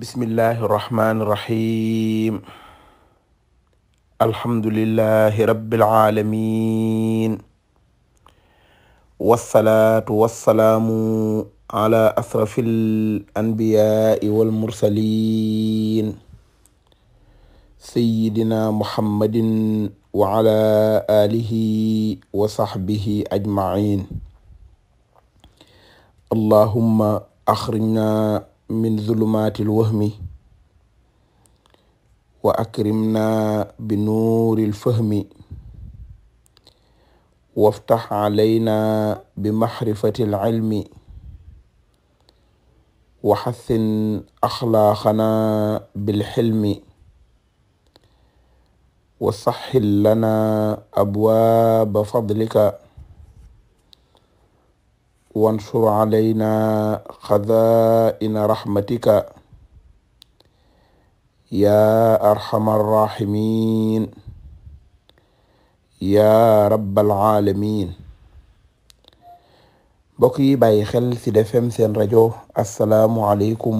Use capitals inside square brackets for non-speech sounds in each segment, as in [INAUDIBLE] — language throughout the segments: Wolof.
bismillahi irrahmani irrahim alhamdulilahi rabiilalamin wassalaatu wassalaamu ala asrafi al anbiyaai walmursalin sayidina muhammadin wa ala alihi wa sahbihi ajmain allahumma axrijna min zulumaati lwahmi wa akrimna bi nuuri lfahmi waftax calayna bi maxrifati alcilmi wa xassin axlaaqana bilxilmi wa saxxil lana abwaaba fadlika wansur alayna xazaa'ina raxmatika yaa arxamar raximin yaa rabbal aalamiin mbokk yi bàyyi xel ci Sud FM seen rajo asalaamu aleykum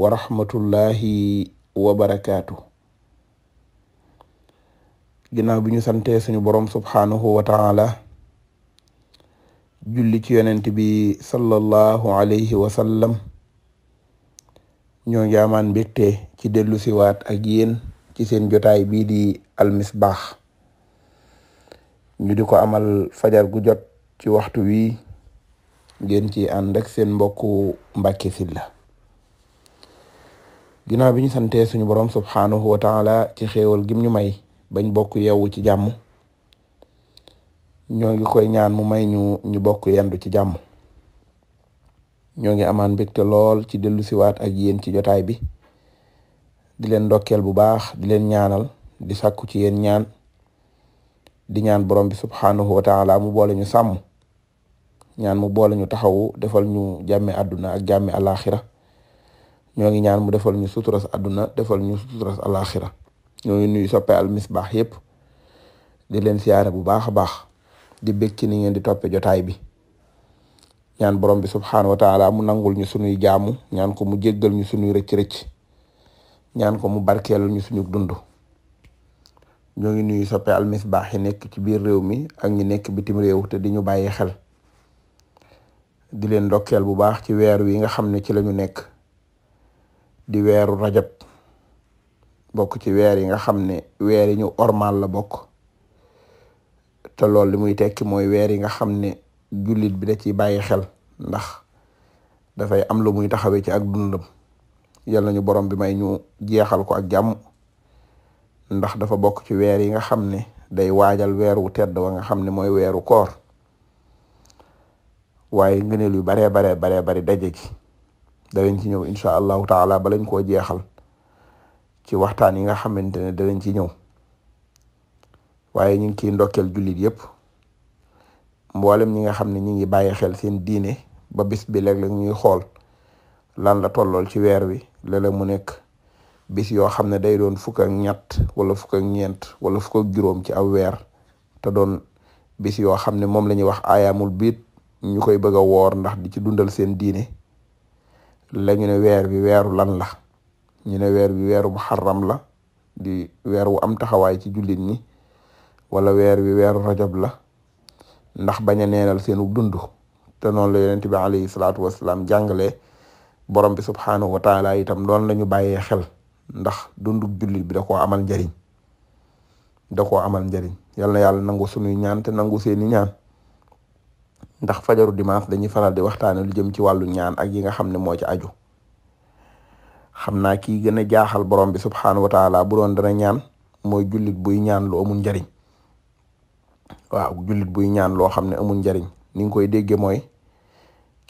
wa rahmatullahi wa barakaatu. ginnaaw bi ñu sante suñu borom subxaanahu wa julli ci yonent bi sallallahu alayhi wa ñoo ngi amaan mbégte ci dellu siwaat ak yéen ci seen jotaay bii di almisbaax ñu di ko amal fajar gu jot ci waxtu wi ngeen ci ànd ak seen mbokku Mbàkke Sylla ginnaaw bi ñu santee suñu borom subhaanahu wa taala ci xéewal gim ñu may bañ bokk yeewu ci jàmm ñoo ngi koy ñaan mu may ñu ñu bokk yendu ci jàmm ñoo ngi amaan mbégte lool ci dellu siwaat ak yéen ci jotaay bi di leen ndokkeel bu baax di leen ñaanal di sàkku ci yéen ñaan di ñaan borom bi subhanahu wa taala mu boole ñu sàmm ñaan mu boole ñu taxawu defal ñu jàmmi àdduna ak jàmmi alaxira ñoo ngi ñaan mu defal ñu suturas àdduna defal ñu suturas alaxira ñoo ngi nuyu soppe al misbaax yépp di leen siyaare bu baax a baax di bëgg ci ni ngeen di toppe jotaay bi ñaan borom bi subxanahu wa mu nangul ñu sunuy jaamu ñaan ko mu jéggal ñu sunuy rëcc-rëcc ñaan ko mu barkeelal ñu suñu dund ñoo ngi nuyu soppe Al Misbah yi nekk ci biir réew mi ak ngi nekk bitim réew te di ñu bàyyi xel di leen ndokkeel bu baax ci weer wi nga xam ne ci lañu nekk di weeru rajab bokk ci weer yi nga xam ne weer yi ñu ormal la bokk. te loolu li muy tekki mooy weer yi nga xam ne jullit bi da ciy bàyyi xel ndax dafay am lu muy taxawee ci ak dundam yal nañu borom bi may ñu jeexal ko ak jàmm ndax dafa bokk ci weer yi nga xam ne day waajal weer wu tedd nga xam ne mooy weeru koor waaye ngëneel yu baree baree baree bari daje ci danañ ci ñëw incha allahu taala balañ koo jeexal ci waxtaan yi nga xamante ne danañ ci ñëw. waaye ñu ngi ciy ndokkeel jullit yépp mboolem ñi nga xam ne ñu ngi bàyyi xel seen diine ba bis bi léeg-léeg ñuy xool lan la tollool ci weer wi lala mu nekk biss yoo xam ne day doon fukk ak ñett wala fukk ñeent wala fukk ak juróom ci aw weer te doon biss yoo xam ne moom la wax ayaamul biit ñu koy bëgg a woor ndax di ci dundal seen diine la ñu ne weer bi weeru lan la ñu ne weer bi weeru muharram la di weer wu am taxawaay ci jullit ñi wala weer wi weeru rajab la ndax bañ a neenal seenu dund te noonu la yonent bi salaam salaatu wasalaam borom bi subhaanahu wa taala itam noonu la ñu bàyyee xel ndax dundu jullit bi da ko amal njariñ da ko amal njariñ yal na yàlla nangu sunuy ñaan te nangu seeni ñaan ndax fajaru dimanche dañuy faral di waxtaane lu jëm ci wàllu ñaan ak yi nga xam ne moo ci aju xam naa kii gën a jaaxal borom bi subhaanahu wa taala bu doon dana ñaan mooy jullit buy ñaan lu amul njariñ waaw julit buy ñaan loo xam ne amul njariñ ni nga koy déggee mooy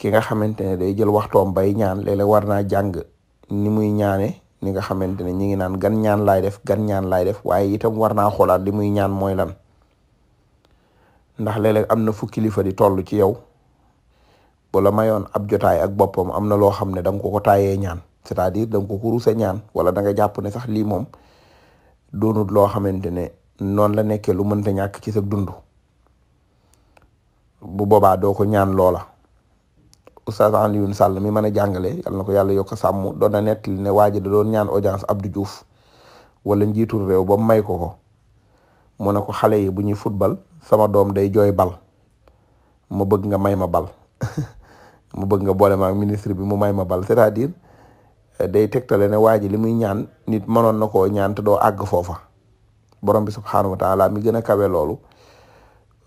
ki nga xamante ne day jël waxtoom bay ñaan léeg-léeg war naa jàng ni muy ñaane ni nga xamante ne ñi ngi naan gan ñaan laay def gan ñaan laay def waaye itam war naa xoolaat li muy ñaan mooy lan ndax léeg am na fu kilifa di toll ci yow bu la mayoon ab jotaay ak boppam am na loo xam ne danga nga ko ñaan c'est-à-dire da nga ko ñaan wala da nga jàpp ne sax lii moom doonut loo xamante ne noonu la nekkee lu mënta ñàkk ci sa dund bu boobaa doo ko ñaan loola Oustaz Alioune Sall mi mën a jàngale yal na ko yàlla yokk sàmm doon na nettali ne waa ji da doon ñaan audience Abdou Diouf wala njiitul réew ba may ko ko moo ne ko xale yi bu ñuy football sama doom day jooy bal ma bëgg nga may ma bal [LAUGHS] mu bëgg nga boole ma ak ministre bi mu may ma bal cest à eh, day tegtale ne waa ji li muy ñaan nit manoon na ko ñaan te doo àgg foofa borom bi subxanahu wa taala mi gën a kawe loolu.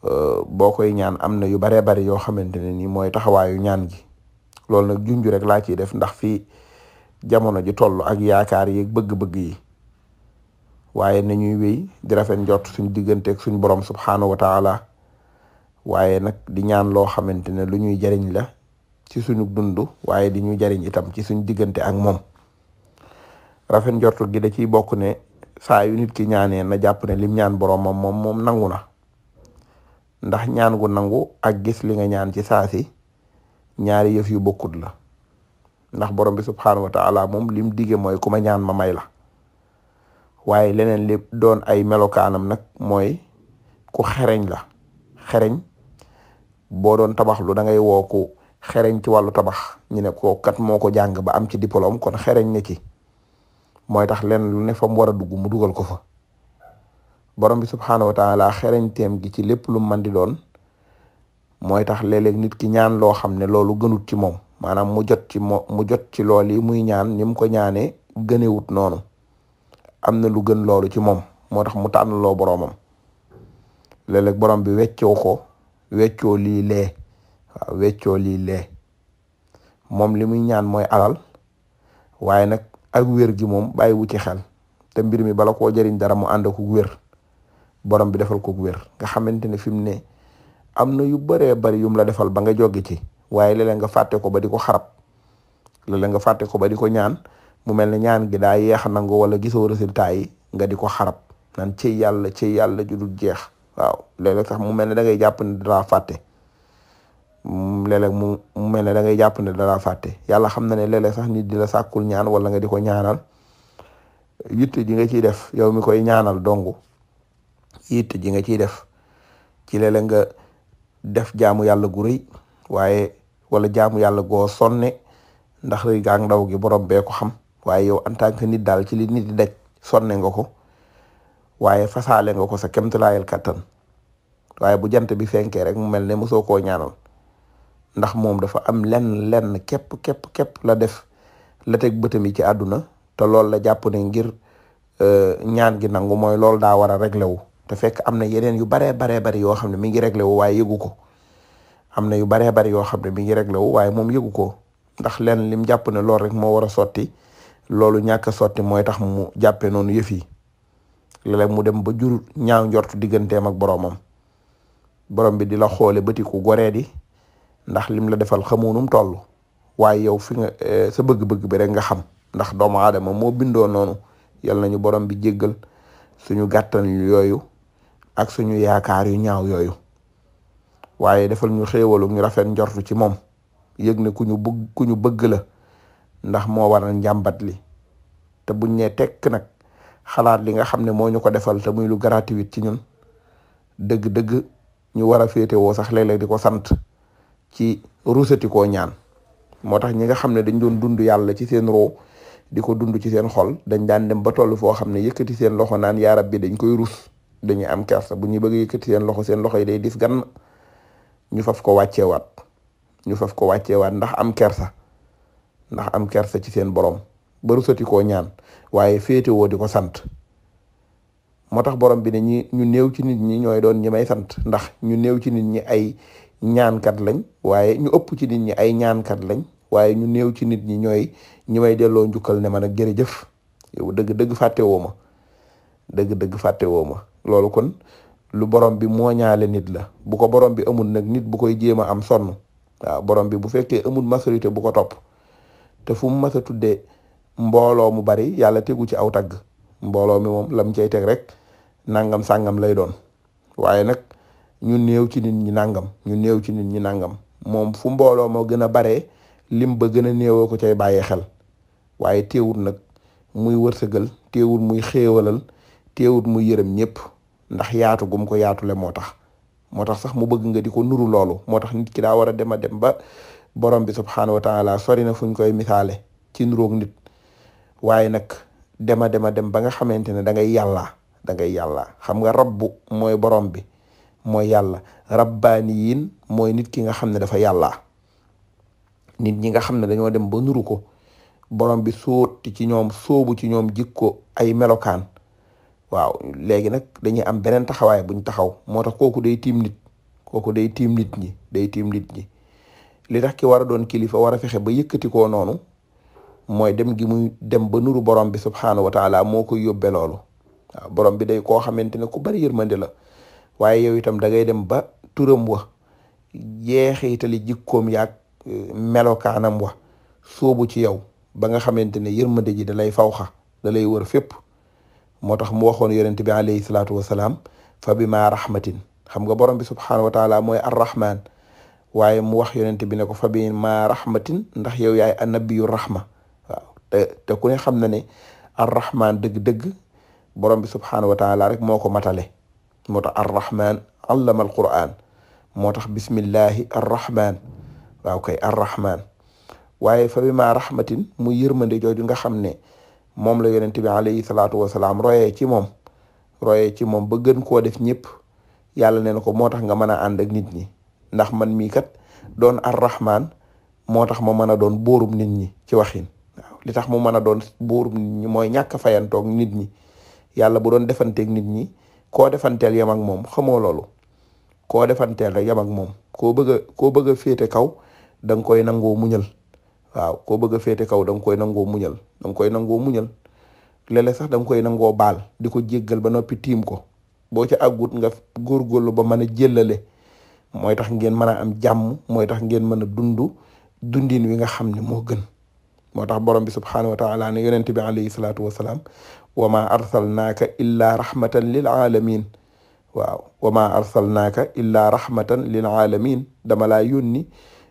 Euh, boo koy ñaan am na yu baree bari yoo xamante ne nii mooy taxawaayu ñaan gi loolu nag junj rek laa ciy def ndax fii jamono ji toll ak yaakaar yi bëgg-bëgg yi waaye nañuy wéy di rafet njott suñ digganteeg suñ borom subxanahu wa taala waaye nag di ñaan loo xamante ne lu ñuy jariñ la ci suñu dund waaye di ñu jariñ itam ci suñ diggante ak moom rafet njott gi da ciy bokk ne saa yu nit ki ñaanee na jàpp ne lim ñaan boromam moom moom nangu na. ndax ñaan gu nangu ak gis li nga ñaan ci saasi ñaari yëf yu bokkut la ndax borom bi subxanahu wa ta'ala moom lim dige mooy ku ma ñaan ma may la waaye leneen li doon ay melokaanam nag mooy ku xereñ la xereñ boo doon tabax lu da ngay woo xereñ ci wàllu tabax ñu ne ko kat moo ko jàng ba am ci diplôme kon xereñ ne ci mooy tax lenn lu ne fa mu war a dugg mu dugal ko fa. borom bi subxanahu wa taala xereñteem gi ci lépp lum man di doon mooy tax léeg-léeg nit ki ñaan loo xam ne loolu gënut ci moom maanaam mu jot ci mo mu jot ci lool yi muy ñaan ni mu ko ñaanee gënewut noonu am na lu gën loolu ci moom moo tax mu tànn loo boromam léeg-léeg borom bi weccoo ko weccoo lii lee waaw weccoo lii lee moom li muy ñaan mooy alal waaye nag ak wér gi moom bàyyiwu ci xel te mbir mi bala koo jëriñ dara mu ànd ak wér. borom bi defal ko wér nga xamante ne fi mu ne am na yu bëree bëri yum la defal ba nga joggi ci waaye léeg-léeg nga fàtte ko ba di ko xarab léeg-léeg nga fàtte ko ba di ko ñaan mu mel ne ñaan gi daa yeex nangu wala gisoo résultat yi nga di ko xarab ci yàlla ci yàlla ju dul jeex waaw léeg mu mel ne da ngay jàpp ne dara fàtte léeg-léeg mu mu mel ne da ngay jàpp ne dara fàtte yàlla xam na ne léeg sax nit di la sàkkul ñaan wala nga di ko ñaanal yitte ji nga ciy def yow mi koy ñaanal dongu yitt ji nga ciy def ci léeg nga def jaamu yàlla gu rëy waaye wala jaamu yàlla goo sonne ndax rëy gaag ndaw gi borom bee xam waaye yow en tant que nit daal ci li nit di daj sonne nga ko waaye fasaale nga ko sa kemtulaayal kattan waaye bu jant bi fenkee rek mu mel ne mosoo koo ñaanal ndax moom dafa am len lenn képp képp képp la def la teg bëtam ci àdduna te loolu la jàpp ne ngir euh, ñaan gi nangu mooy loolu daa war a réglé te fekk am na yeneen yu baree baree bari yoo xam ne mi ngi réglé wu waaye yëgu ko am na yu baree bari yoo xam ne mi ngi réglé wu waaye moom yëgu ko ndax lenn lim jàpp na lool rek moo war a sotti loolu ñàkk a sotti mooy tax mu jàppee noonu yëf yi léeg-léeg mu dem ba jur ñaaw njort digganteem ak boromam borom bi di la xoole bëti goree di ndax lim la defal xamoonum toll waaye yow fi nga eh, sa bëgg-bëgg bi rek nga xam ndax doomu aadama moo bindoo noonu yal nañu borom bi jéggal suñu gàttan yooyu ak suñu yaakaar yu ñaaw yooyu waaye defal ñu xéewalu ñu rafet njortu ci moom yëg ne ku ñu bëgg ku bëgg la ndax moo waral njàmbat li te buñ ne tekk nag xalaat li nga xam ne moo ñu ko defal te muy lu gratuit ci ñun dëgg-dëgg ñu war a féetewoo sax léeg di ko sant ci rusati koo ñaan moo tax ñi nga xam ne dañ doon dund yàlla ci seen roo di ko dund ci seen xol dañ daan dem ba toll foo xam ne yëkkati seen loxo naan yaa bi dañ koy rus dañuy am kersa bu ñuy bëgg yëkkati seen loxo seen loxo yi day dis ganna ñu faf ko wàcceewaat ñu faf ko wàcceewaat ndax am kersa ndax am kersa ci seen borom baru soti koo ñaan waaye féetewoo di ko sant moo tax borom bi ne ñu néew ci nit ñi ñooy doon ñi may sant ndax ñu néew ci nit ñi ay ñaankat lañ waaye ñu ëpp ci nit ñi ay ñaankat lañ waaye ñu néew ci nit ñi ñooy ñi may delloo njukkal ne man ak jërëjëf yow dëgg dëgg fàttewoo ma dëgg-dëgg fàtte ma loolu kon lu borom bi mooñaale nit la bu ko borom bi amul nag nit bu koy jéem a am sonn waaw borom bi bu fekkee amul maturité bu ko topp te fu mu mas a tuddee mbooloo mu bari yàlla tegu ci aw tagg mbooloo mi moom lam cay teg rek nangam sàngam lay doon waaye nag ñu néew ci nit ñi nangam ñu néew ci nit ñi nangam moom fu mbooloo moo gën a baree lim ba gën a néewoo ko cey bàyyee xel waaye teewul nag muy wërsëgal teewul muy xéewalal teewut mu yërëm ñëpp ndax yaatu gum ko yaatule moo tax moo tax sax mu bëgg nga di ko nuru loolu moo tax nit ki daa war a dem a dem ba borom bi subxanahu wa taala sori na fuñ koy misaale ci nuroog nit waaye nag dema a dem a dem ba nga xamante ne da yàlla da yàlla xam nga rabbu mooy bi mooy yàlla rabbaaniyin mooy nit ki nga xam ne dafa yàlla nit ñi nga xam ne dañoo dem ba nuru ko borom bi sóoti ci ñoom sóobu ci ñoom jikko ay melokaan. waaw léegi nag dañuy am beneen taxawaay buñ taxaw moo tax kooku day tiim nit kooku day tiim nit ñi day tiim nit ñi li tax ki war a doon kilifa war a fexe ba yëkkati koo noonu mooy dem gi muy dem ba nuru borom bi subxanahu wa taala moo koy yóbbe loolu waaw borom bi day koo xamante ne ku bari yërmande la waaye yow itam da ngay dem ba turam wa jeexitali jikkoom yaag e, melokaanam wa soobu ci yow ba nga xamante ne yërmande ji da lay faw xa da lay wër fépp. moo tax mu waxoon yonent bi alayhi salaatu wa salaam fa ma rahmatin xam nga borom bi subxanahu wa taala mooy arrahman waaye mu wax yonent bi ne ko fa bi ma rahmatin ndax yow yaay annabiyu rahma waaw te te ku ne xam na ne arrahman bi subxanahu wa moo ko matale moo tax arrahman allama alquran moo tax bismillahi arrahman waaw kay waaye fa ma rahmatin mu yërmande jooju nga xam ne. moom la yonent bi alayhi salaatu wasalaam royee ci moom royee ci moom ba gën koo def ñëpp yàlla nee na ko moo tax nga mën a ànd nit ñi ndax man mii kat doon arrahman moo tax ma mën a doon bóorum nit ñi ci waxin waaw li tax mu mën a doon bóorum nit ñi mooy ñàkk a fayantoog nit ñi yàlla bu doon defanteeg nit ñi koo defanteel yam ak moom xamoo loolu koo defanteel rek yam ak moom koo bëgg koo bëgg a féete kaw da nga koy nangoo muñal waaw koo bëgg a féete kaw da nga koy nangoo muñal da nga koy nangoo muñal léeg sax da nga koy nangoo baal di ko jéggal ba noppi tiim ko boo ca àggut nga góorgóorlu ba mën a jëllale mooy tax ngeen mën a am jàmm mooy tax ngeen mën a dund dundin wi nga xam ne moo gën moo tax borom bi subhaanahu wa taala ne yonent bi alayhi salaatu wasalaam wa ma arsalnaaka illa rahmatan lil alamin waaw wa ma arsalnaaka illa rahmatan lil alamin dama laa yónni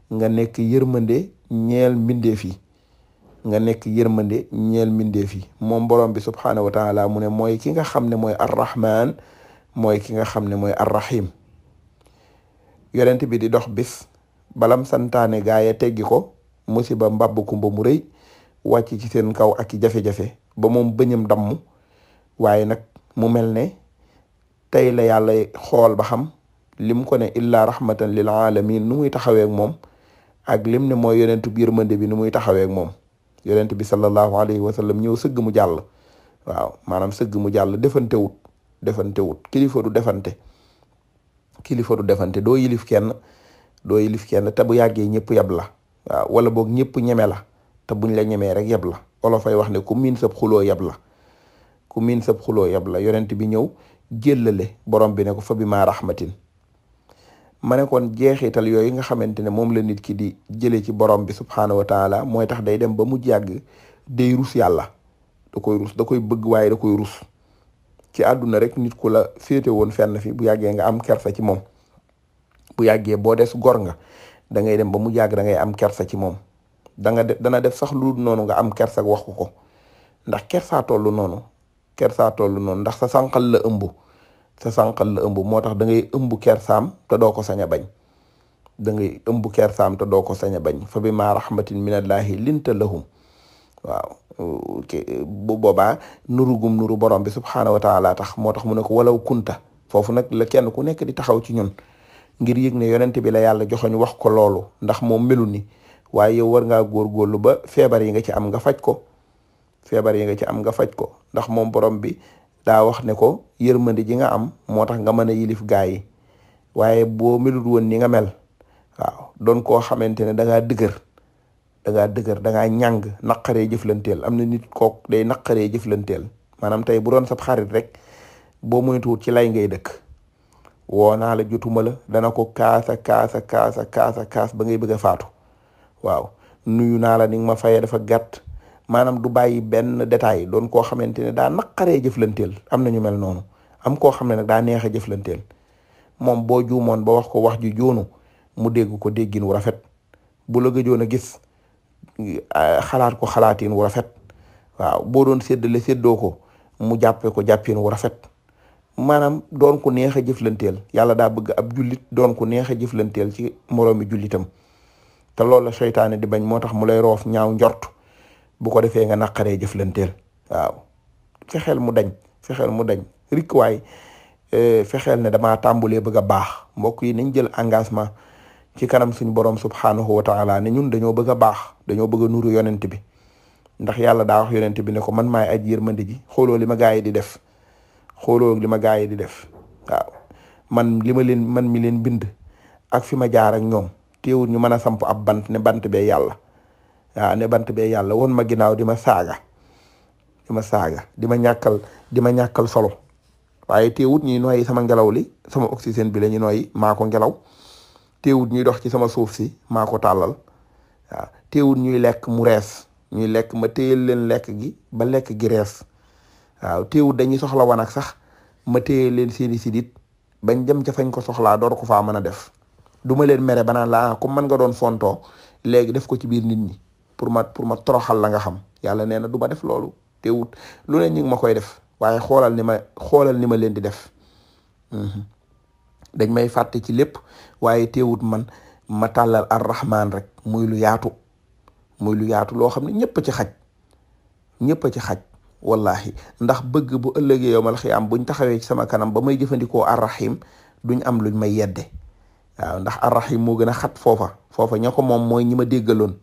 nga nekk yërmande ñeel mbindeef nga nekk yërmande ñeel mbindeef yi moom borom bi subhaanahu wa taala mu ne mooy ki nga xam ne mooy arrahman mooy ki nga xam ne mooy arrahim yonent bi di dox bis balam santaane gaaya teggi ko musiba mbabb kumba mu rëy wàcc ci seen kaw ak i jafe-jafe ba moom bëñam damm waaye nag mu mel ne tey la yàlla xool ba xam lim ko ne illaa rahmatan lil alamin nu muy taxawee ak moom ak lim ne mooy yonentu bi yërmande bi ni muy taxaweek moom yonent bi sallallahu alayhi wa sallam ñëw sëgg mu jàll waw maanaam sëgg mu jàll defante wut defante wut kilifa du defante kilifa du defante doo yilif kenn doo yilif kenn te bu yàggee ñëpp yab la wala boog ñëpp ñeme la te buñ la ñemee rek yab la olo fay wax ne ku miin sab xuloo yab la ku miin sab xuloo yab la yonent bi ñëw jëllale borom bi ne ko fa bi ma ne kon jeexital yooyu nga xamante ne moom la nit ki di jëlee ci borom bi subhaanahu wa taala mooy tax day dem ba mu jàgg day rus yàlla da koy rus da koy bëgg waaye da koy rus ci àdduna rek nit ku la féete woon fenn fi bu yàggee nga am kersa ci moom bu yàggee boo des gor nga da ngay dem ba mu yàgg da ngay am kersa ci moom da nga def dana def sax lu noonu nga am kersa wax ko ko ndax kersaa tollu noonu kersaa toll noonu ndax sa sànqal la ëmb sa sànqal la ëmb moo tax da ngay ëmb kersaam te doo ko sañ a bañ da ngay ëmb kersaam te doo ko sañ a bañ fa bi ma rahmatin minallahi linta lahum waaw bu boobaa nurugum nuru borom bi subhaanahu wa taala tax moo tax mu ne ko walaw kunta foofu nag la kenn ku nekk di taxaw ci ñun ngir yëg ne yonent bi la yàlla joxoñ wax ko loolu ndax moom melu ni waaye yow war ngaa góorgóorlu ba feebar yi nga ci am nga faj ko feebar yi nga ci am nga faj ko ndax moom borom bi daa wax ne ko yërmande ji nga am moo tax nga mën a yilif gaa yi waaye boo melut woon ni nga mel waaw doon koo xamante ne da dëgër daga ngaa dëgër da ngaa jëflanteel am na nit kook day naqaree jëflanteel maanaam tey bu doon sab xarit rek boo moytuwul ci lay ngay dëkk woo naa la jotuma la dana ko kaasa kaasa kaasa kaasa kaas ba ngay bëgg a faatu waaw nuyu la ni ma fayee dafa gàtt maanaam du bàyyi benn détail doon koo xamante ne daa naqaree jëflanteel am na ñu mel noonu am koo xam ne nag daa neex a jëflanteel moom boo juumoon ba wax ko wax ju joonu mu dégg ko déggin wu rafet bu la gëjoon a gis xalaat ko xalaatin wu rafet waaw boo doon séddale séddoo ko mu jàppee ko jàppin wu rafet maanaam doon ko neexe a jëflanteel yàlla daa bëgg ab jullit doon ko neex a jëflanteel ci moroomi jullitam te loolu la seytaane di bañ moo tax mu lay roof ñaaw njort bu ko defee nga naqaree jëflanteel waaw fexeel mu dañ fexeel mu dañ rik waay eh, fexeel ne damaa tàmbulee bëgg baax mbokk yi nañ jël engagement ci kanam suñu borom subhanahu wa taala ne ñun dañoo bëgg a baax dañoo bëgg a nuru yonent bi ndax yàlla daa wax yonent bi ne ko man maay aj yërmande ji xooloo li ma gaa yi di def xooloo li ma gaa yi di def waaw man li ma leen man mi leen bind ak fi ma jaar ak ñoom teewul ñu mën a samp ab bant ne bant be yàlla waaw ne bant bee yàlla woon ma ginnaaw di ma saaga di ma saaga di ma ñàkkal di ma ñàkkal solo waaye teewut ñuy nooy sama ngelaw li sama oxygène bi la nooy noyyi ngelaw teewut ñuy dox ci sama suuf si maa ko tàllal waaw teewut ñuy lekk mu rees ñuy lekk ma téyel leen lekk gi ba lekk gi rees waaw teewut dañuy soxla wanak sax ma téyel leen seeni sidit bañ jëm ca fañ ko soxlaa doo ko faa mën a def du ma leen mere ba naan la ah, comme man nga doon fontoo léegi def ko ci biir nit ñi pour ma pour ma toroxal la nga xam yàlla nee na du ma def loolu te wut lu ne ñu ngi ma koy def waaye xoolal ni ma xoolal ni ma leen di def mhm. dañ may fàtte ci lépp waaye teewut man ma tàllal arrahman rek muy lu yaatu muy lu yaatu loo xam ne ñëpp ci xaj ñëpp a ci xaj wallahi ndax bëgg bu ëllëgee yowmal xiyaam buñ taxawee ci sama kanam ba may jëfandikoo arrahim duñ am luñ may yedde waaw ndax arrahim moo gën a xat foofa foofa ña ko moom mooy ñi ma déggaloon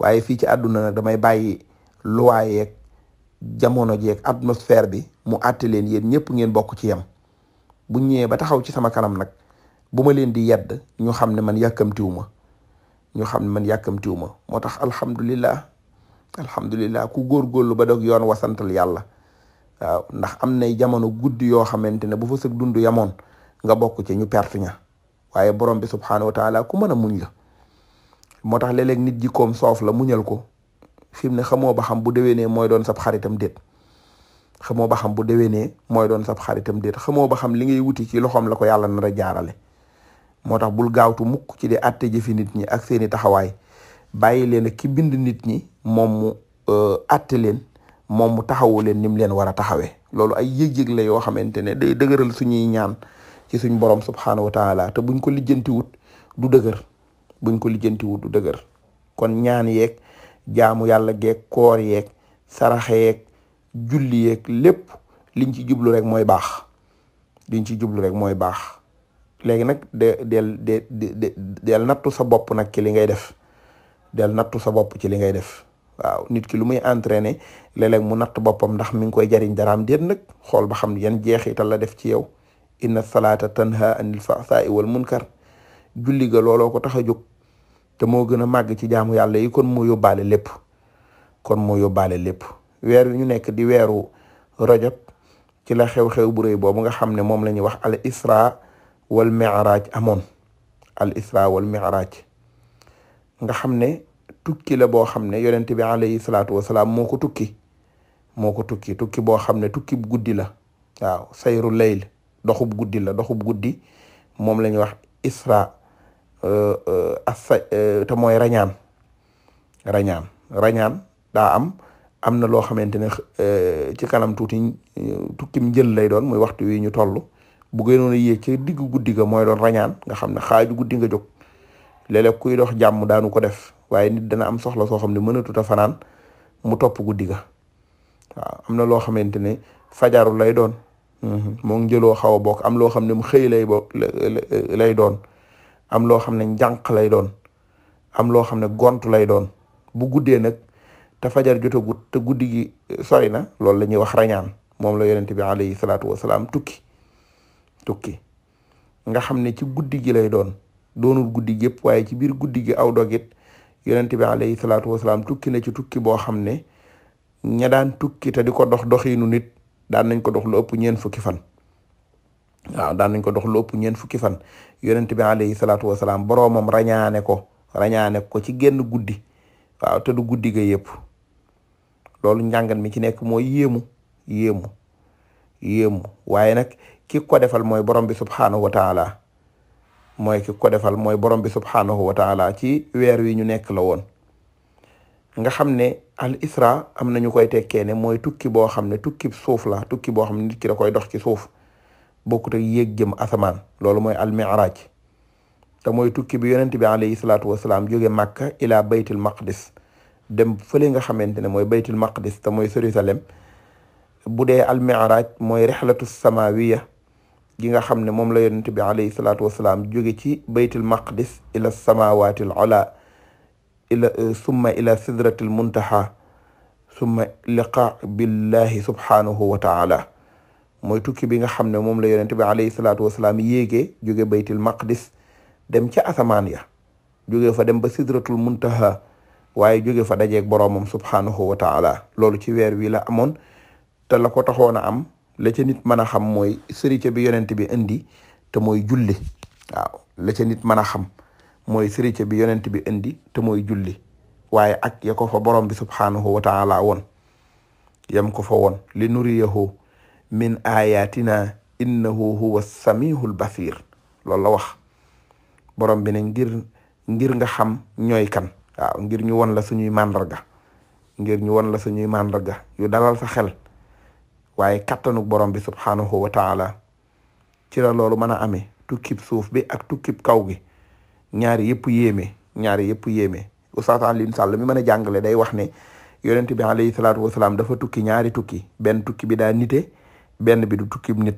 waaye fii ci àdduna nag damay bàyyi loi yeeg jamono jeeg atmosphère bi mu àtte leen yéen ñëpp ngeen bokk ci yem bu ñëwee ba taxaw ci sama kanam nag bu ma leen di yedd ñu xam ne man yàkkamtiwu ma ñu xam ne man yàkkamtiwu ma moo tax alhamdulilah alhamdulilah ku góorgóorlu ba dog yoon wasantal yàlla ndax am nay jamono guddi yoo xamante ne bu fa sëg dund yamoon nga bokk ci ñu perte ña waaye borom bi subxanahu wa taala ku mën a muñ la. moo tax léeg-léeg nit jikkoom soof la muñal ko fi mu ne xamoo ba xam bu déwénee mooy doon sab xaritam déet ba xam bu déwénee mooy doon sap xaritam déet xamoo ba xam li ngay wuti ci loxoom la ko yàlla nar a jaarale moo tax bul gaawtu mukk ci di àtte jëfi nit ñi ak seeni taxawaay bàyyi leen ki bind nit ñi moom mu euh, àtte leen moom mu taxawu leen ni leen war a taxawee loolu ay yëg-yëg la yoo xamante ne day dëgëral suñuy ñaan ci suñ borom subxanahu wa taala te buñ ko lijjantiwut du dëgër. buñ ko lijjantiwut du dëgër kon ñaan yeeg jaamu yàlla geeg koor yeeg saraxe yeeg julli yeeg lépp liñ ci jublu rek mooy baax liñ ci jublu rek mooy baax léegi nag de del de nattu sa bopp nag ci li ngay def del nattu sa bopp ci li ngay def waaw nit ki lu muy entraîner léeg mu natt boppam ndax mi ngi koy jariñ daraam déet nag xool ba xam yan jeexital la def ci yow a salaata tanha anil fahsaa'i wal munkar julli ga looloo ko tax a jóg te moo gën a màgg ci jaamu yàlla yi kon moo yóbbaale lépp kon moo yóbbaale lépp weer wi ñu nekk di weeru rajab ci la xew-xew bu rëy boobu nga xam ne moom la ñuy wax al isra wal mi'raj amoon al isra wal nga xam ne tukki la boo xam ne yonent bi alayhi salaatu wasalaam moo ko tukki moo ko tukki tukki boo xam ne tukki guddi la waaw sayru layl doxub guddi la doxub guddi moom la ñuy wax isra Euh, euh, afa euh, te mooy rañaan rañaan rañaan daa am am na loo xamante ne ci kanam tuuti tukkim jël lay doon muy waxtu wi ñu toll bu gënoon a yéeg ca diggu guddi ga mooy doon rañaan nga xam ne xaaju guddi nga jóg léeg-léeg kuy dox jàmm daanu ko def waaye nit dana am soxla soo xam ne mënatut fanaan mu topp guddi ga waaw am na loo xamante ne fajaru lay doon mhm. moo ngi jëloo xaw a bokk am loo xam ne mu xëy lay bokk lay doon am loo xam ne njànq lay doon am loo xam ne gont lay doon bu guddee nag te fajar jotagut te guddi gi eh, sori na loolu la ñuy wax rañaan moom la yonent bi alayhi salaatu wasalaam tukki tukki nga xam ne ci guddi gi lay doon doonul guddi gi waaye ci biir guddi gi aw dogit yonent bi alayhi salaatu wasalaam tukki na ci tukki boo xam ne ña daan tukki te di ko dox doxiinu nit daan nañ ko dox lu ëpp ñeen fukki fan waaw daan nañ ko dox lu ëpp ñeent fukki fan yonent bi alayhi salaatu wasalaam boroomam rañaane ko rañaane ko ci génn guddi waaw te guddi ga yëpp loolu njàngat mi ci nekk mooy yéemu yéemu yéemu waaye nag ki ko defal mooy borom bi subhaanahu wa taala mooy ki ko defal mooy borom bi subhaanahu wa taala ci weer wi ñu nekk la woon nga xam ne al isra am nañu koy tekkee ne mooy tukki boo xam ne tukki suuf la tukki boo xam ne nit ki da dox ci suuf bokkut ak yéeg jëm asamaan loolu mooy almiraaj te mooy tukki bi yonent bi alayhi salaatu wasalaam jóge màkka ila baytil maqdis dem fële nga xamante ne mooy baytil maqdis te mooy Jérusalem bu dee almiraaj mooy rexlatu samawiya gi nga xam ne moom la yonent bi alayhi salaatu wasalaam jóge ci baytil maqdis ila samawaatil ola ila e, summa ila sidratil muntaha summa liqa billahi subhanahu wa mooy tukki bi nga xam ne moom la yonent bi alayhi salaatu wasalaam yéegee jóge baytil maqdis dem ca asamaan ya jóge fa dem ba sidratul muntaha waaye jóge fa dajeeg boroomam subhaanahu wa taala loolu ci weer wi la amoon te la ko taxoon a am la ca nit mën a xam mooy sërite bi yonent bi indi te mooy julli waaw ca nit mën a xam mooy sërite bi yonent bi indi te mooy julli waaye ak ya ko fa borom bi subhaanahu wa taala woon yam ko fa woon li nuriyahu min ayatina innahu huwa samihul basir loolu la wax borom bi ne ngir nga xam ñooy kan ngir ñu won la suñuy màndarga ngir ñu won la ñuy màndarga yu dalal sa xel waaye kattanu borom bi subhanahu wa taala ci la loolu mën a amee tukkib suuf bi ak tukki kaw gi ñaari yëpp yéeme ñaari yëpp yéeme Oustaz Alioune Sall mi mën a jàngale day wax ne yonent bi alayhi salaatu wasalaam dafa tukki ñaari tukki benn tukki bi daa nite benn bi du tukkib nit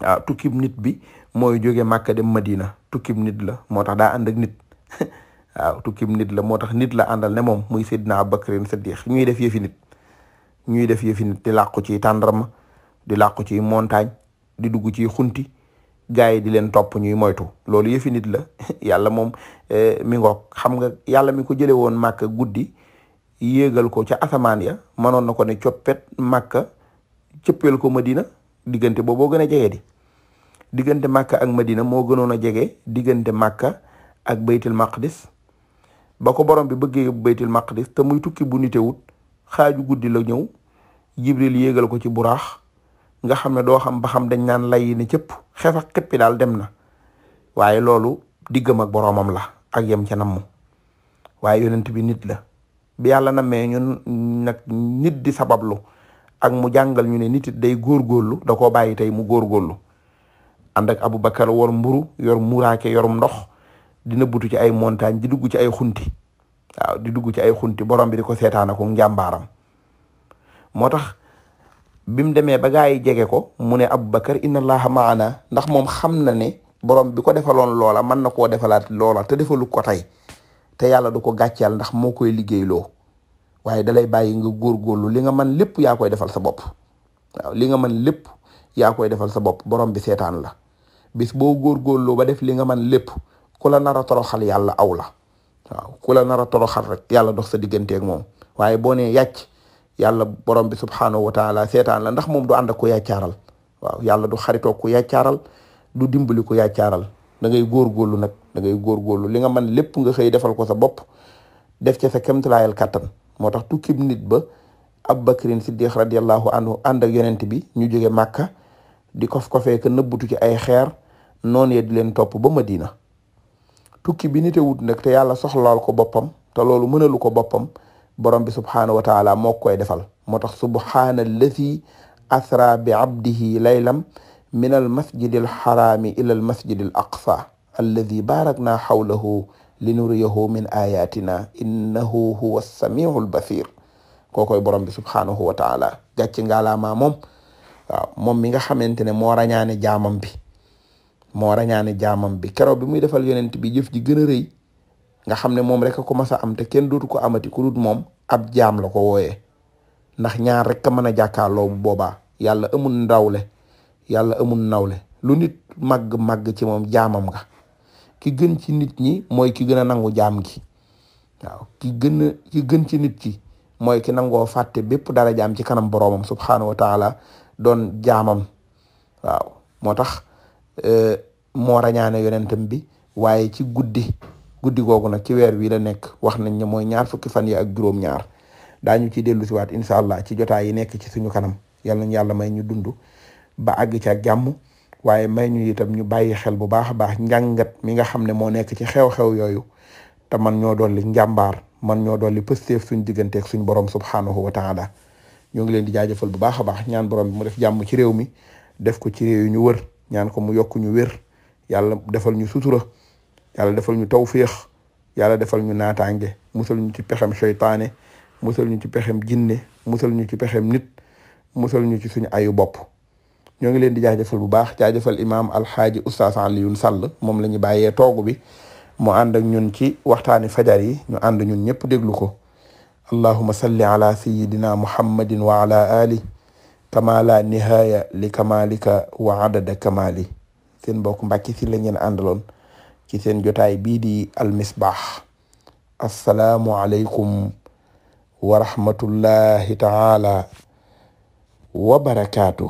waaw ah, tukkib nit bi mooy jóge Màkka dem Madina tukkib nit la moo tax daa ànd ak nit [LAUGHS] waaw tukkib nit la moo tax nit la àndal ne moom muy Seydina Abubakrin Siddiq ñuy def yëfi nit ñuy def yëfi nit di làqu ci tàndarma di làqu ci montagne di dugg ci xunti gaay di leen topp ñuy moytu loolu yëfi nit la [LAUGHS] yàlla moom eh, mi ngoog xam nga yàlla mi ko jële woon màkka guddi yéegal ko ca asamaan ya mënoon na ko ne coppet màkka cëpp cëppeel ko Madina diggante booboo gën a jege di diggante Makka ak Madina moo gënoon a jege diggante Makka ak baytil maqdis ba ko borom bi bëggee baytil baytil dis te muy tukki bu nite wut xaaju guddi la ñëw Jibril yéegal ko ci burax nga xam ne doo xam ba xam dañ naan lay ne cëpp xef ak daal dem na waaye loolu diggam ak boroomam la ak yem ca namm waaye yonent bi nit la bi yàlla nammee ñun nag nit di sabablu ak mu jàngal ñu ne nit it day góorgóorlu da koo bàyyi tey mu góorgóorlu ànd abu Aboubacar wor mburu yor muraake yorum ndox dina butu ci ay montagne di dugg ci ay xunti di dugg ci ay xunti borom bi di ko seetaana ko njàmbaaram moo tax bi mu demee ba gaa yi jege ko mu ne Aboubacar inna allaha ndax moom xam na ne borom bi ko defaloon loola mën na koo defalaat loola te defalu ko tey te yàlla du ko gàcceel ndax moo koy liggéeyloo waaye dalay bàyyi nga góorgóorlu li nga man lépp yaa koy defal sa bopp waaw li nga man lépp yaa koy defal sa bopp borom bi seetaan la bis boo góorgóorlu ba def li nga man lépp ku la nar a toroxal yàlla aw la ku la nar a toroxal rek yàlla dox sa digganteeg moom waaye boo nee yàcc yàlla borom bi subhaanahu wa taala seetaan la ndax moom du ànd ak ku yàccaaral waaw yàlla du xaritoo ku yàccaaral du dimbali ku yàccaaral da ngay góorgóorlu nag da ngay góorgóorlu li nga man lépp nga xëy defal ko sa bopp def ca sa kéemtalaayal kattan moo tax tukki tukkib nit ba Abubakrin Siddiq radiyallahu anhu ànd ak yonent bi ñu jóge Màkka di kof kofee ka nëbbutu ci ay xeer noonu yee di leen topp ba Madina tukki bi nitewut nag te yàlla soxlaal ko boppam te loolu mënalu ko boppam borom bi subhaanahu wa taala moo koy defal moo tax subhaana allazi asra bi abdihi laylam min al masjid al xaraami ila al masjid al aqsa allazi barak naa xawlahu linuriyahu min ayatina innahu huwa samiul basir kookoy borom bi subhaanahu wa taala gàcc ngaalaamaa moom waaw moom mi nga xamante ne moo rañaane jaamam bi moo rañaane jaamam bi keroog bi muy defal yonent bi jëf ji gën a rëy nga xam ne moom rek a ko mas a am te kenn dootu ko amati ku dut moom ab jaam la ko wooyee ndax ñaar rek a mën a jàkkaarloo bu boobaa yàlla amul ndawle yàlla amul nawle lu nit màgg màgg ci moom jaamam nga ki gën ci nit ñi mooy ki gën a nangu jaam gi waaw ki gën ki gën ci nit ki mooy ki nangoo fàtte bépp dara jaam ci kanam boroomam subhaanahu wa taala doon jaamam waaw moo tax euh, moo rañaane yonentam bi waaye ci guddi guddi googu nag ci weer wi la nekk wax nañ ne mooy ñaar fukki fan yi ak juróom-ñaar daañu ci dellu si waat incha allah ci jotaay yi nekk ci suñu kanam yal nañ yàlla may ñu dund ba àgg ci jàmm waaye may ñu itam ñu bàyyi xel bu baax a baax njàngat mi nga xam ne moo nekk ci xew-xew yooyu te man ñoo li njàmbaar man ñoo li pësteef suñ digganteeg suñ borom subhanahu wa taala ñoo ngi leen di jaajëfal bu baax a baax ñaan borom bi mu def jàmm ci réew mi def ko ci réew ñu wër ñaan ko mu yokk ñu wér yàlla defal ñu sutura yàlla defal ñu tawféex yàlla defal ñu naataange musal ñu ci pexem seytaane musal ñu ci pexem jinne musal ñu ci pexem nit musal ñu ci suñu ayu bopp ñoo ngi leen di jaajëfal bu baax jaajëfal imaam alxaaji oustaz Alioune Sall moom la ñu bàyyee toogu bi mu ànd ak ñun ci waxtaani fajar yi ñu ànd ñun ñëpp déglu ko allahuma salli ala sayidina muhammadin wa ala ali kama nihaya li kamalika wa adada kamali seen mbokk Mbàkke Sylla ngeen àndaloon ci seen jotaay bii di almisbaax assalaamu aleykum wa rahmatullahi taala wa